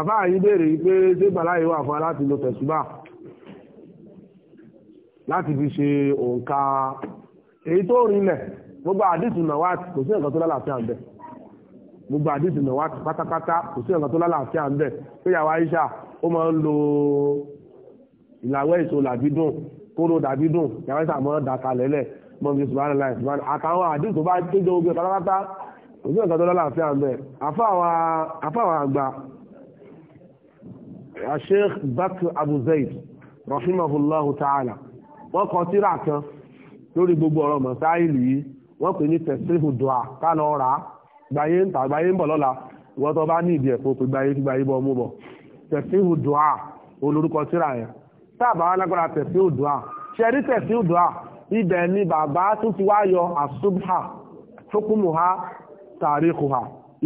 àbá yìí béèrè pé ṣé bàláyé wà fún láti lo tẹ̀sùbà láti fi ṣe òǹkà èyí tó rinlẹ̀ gbogbo àdìsù nàwátì kò sí nǹkan tó lálàáfíà ń bẹ̀ gbogbo àdìsù nàwátì pátápátá kò sí nǹkan tó lálàáfíà ń bẹ̀ pé yàwá iṣà ó máa ń lo ìlàwẹ́ èso làbídùn kóró dàbídùn yàwá iṣà máa ń dàkà lẹ́lẹ̀ mọ́bí subhanahu wa ta'ala àtàwọn àdìsù bá kéjọ ogun pátápátá kò sí nǹkan tó lálàáfíà ń bẹ̀ àfáwọn àgbà sheikh bakr abu zayd rahimahullahu ta'ala wọ́n kọ tírà kan lórí gbogbo ọ̀rọ̀ mọ̀sáìlì yìí wọ́n pè ní tẹ̀síhù dùà kálọ̀ ọ̀rá gbáyé ń tà gbáyé ń bọ̀ lọ́la ìwọ́n tó bá ní ìdí ẹ̀kọ́ pé gbáyé tí gbáyé bọ́ mú bọ̀ tẹ̀síhù dùà olórúkọ tírà yẹn táàbà wọn lágbára tẹ̀síhù dùà ṣe rí tẹ̀síhù dùà ibẹ̀ ni bàbá tó ti wá yọ àṣùbà tókùmùhá tàríkùhà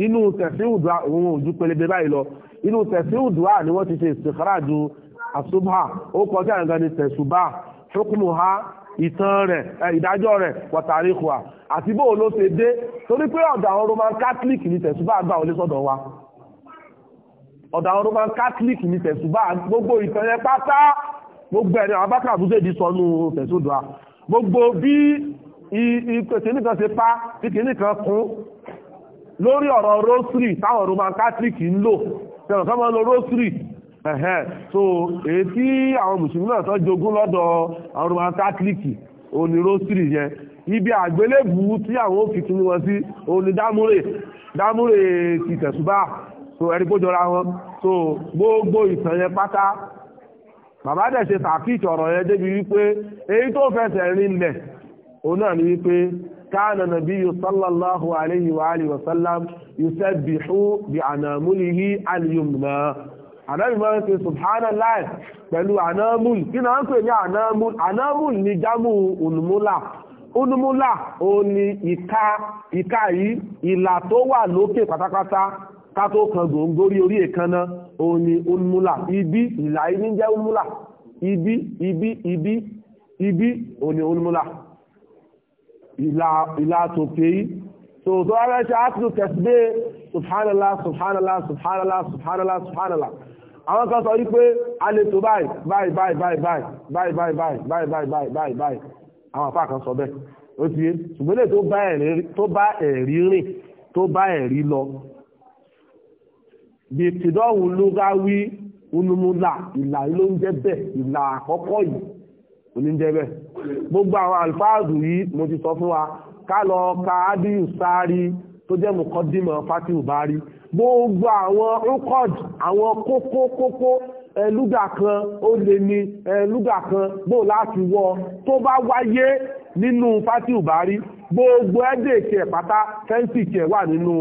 inú tẹ̀síhù dùà òun ò ju pẹlẹbẹ báyìí lọ inú tẹ̀síù dùá ni wọ́n ti ṣe ìsìnkáràjù àṣùbà ó kọjá nǹkan ni tẹ̀sùbà ṣókùnmù ha ìtàn rẹ̀ ìdájọ́ rẹ̀ wàtàríkùà àti bóò ló ṣe dé torí pé ọ̀dà àwọn roman catholic ni tẹ̀sùbà gbà wọlé sọ́dọ̀ wa ọ̀dà àwọn roman catholic ni tẹ̀sùbà gbogbo ìtàn yẹn pátá gbogbo ẹ̀rẹ̀ abákà àbúzé di sọnù tẹ̀sùn pa kìkìní kan kún lórí ọ̀rọ̀ rosary táwọn roman catholic ń lò tẹ̀wọ̀n sábà lọ rosary ẹ̀hẹ́n so èyí tí àwọn mùsùlùmí náà tán jogún lọ́dọ̀ àwọn roman catholic òní rosary yẹn ibi àgbélébùú tí àwọn ó fi kí wọn sí òní dámúrè dámúrè ti tẹ̀sùbá so ẹni kó jọra wọn so gbogbo ìtàn yẹn pátá bàbá dẹ̀ ṣe tàkìtì ọ̀rọ̀ yẹn débi wípé èyí tó fẹsẹ̀ rinlẹ̀ òun náà ni wípé كان النبي صلى الله عليه وآله وسلم يسبح بعنامله اليمنى ànábì máa ń ṣe subhanallah pẹ̀lú ànámùl kí náà ń pè ní ànámùl ànámùl ni jámù olùmúlà olùmúlà o ni ìka ìka yìí ìlà tó wà lókè pátápátá ká tó kan gòngórí orí èékánná o ni olùmúlà ibi ìlà yìí ní jẹ́ olùmúlà ibi ibi ibi ibi o ni olùmúlà ìlà tòkè yìí so tó ara ṣe ápùtù tẹ̀sídé subhanallah subhanallah subhanallah subhanallah subhanallah àwọn kan sọ wípé a lè tó báyìí báyìí báyìí báyìí báyìí báyìí báyìí báyìí báyìí báyìí báyìí báyìí àwọn àfáà kan sọ bẹ́ẹ̀ ó ti yé ṣùgbọ́n lè tó bá ẹ̀rí rìn tó bá ẹ̀rí lọ bí tìdọ́wù lúgáwí unumula ìlà ló ń jẹ́ bẹ́ẹ̀ ìlà àkọ́kọ́ yìí oníjẹ́bẹ̀ gbogbo àwọn alfáàzù yìí mo ti sọ fún wa ká lọ ka adiyu sáárì tó jẹ́ mùkọ́dímọ̀ fatihu bari gbogbo àwọn rúkọ̀d àwọn kókó kókó ẹlúgà kan ó lè ní ẹlúgà kan bó láti wọ tó bá wáyé nínú fatihu bari gbogbo ẹ̀dẹ̀ ìkẹ̀ pátá fẹ́ǹsì ìkẹ̀ wà nínú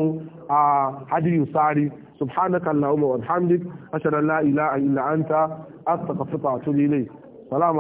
adiyu sáárì subhanaka allahumma wa bihamdik ashhadu an la ilaha illa anta astaghfiruka wa atubu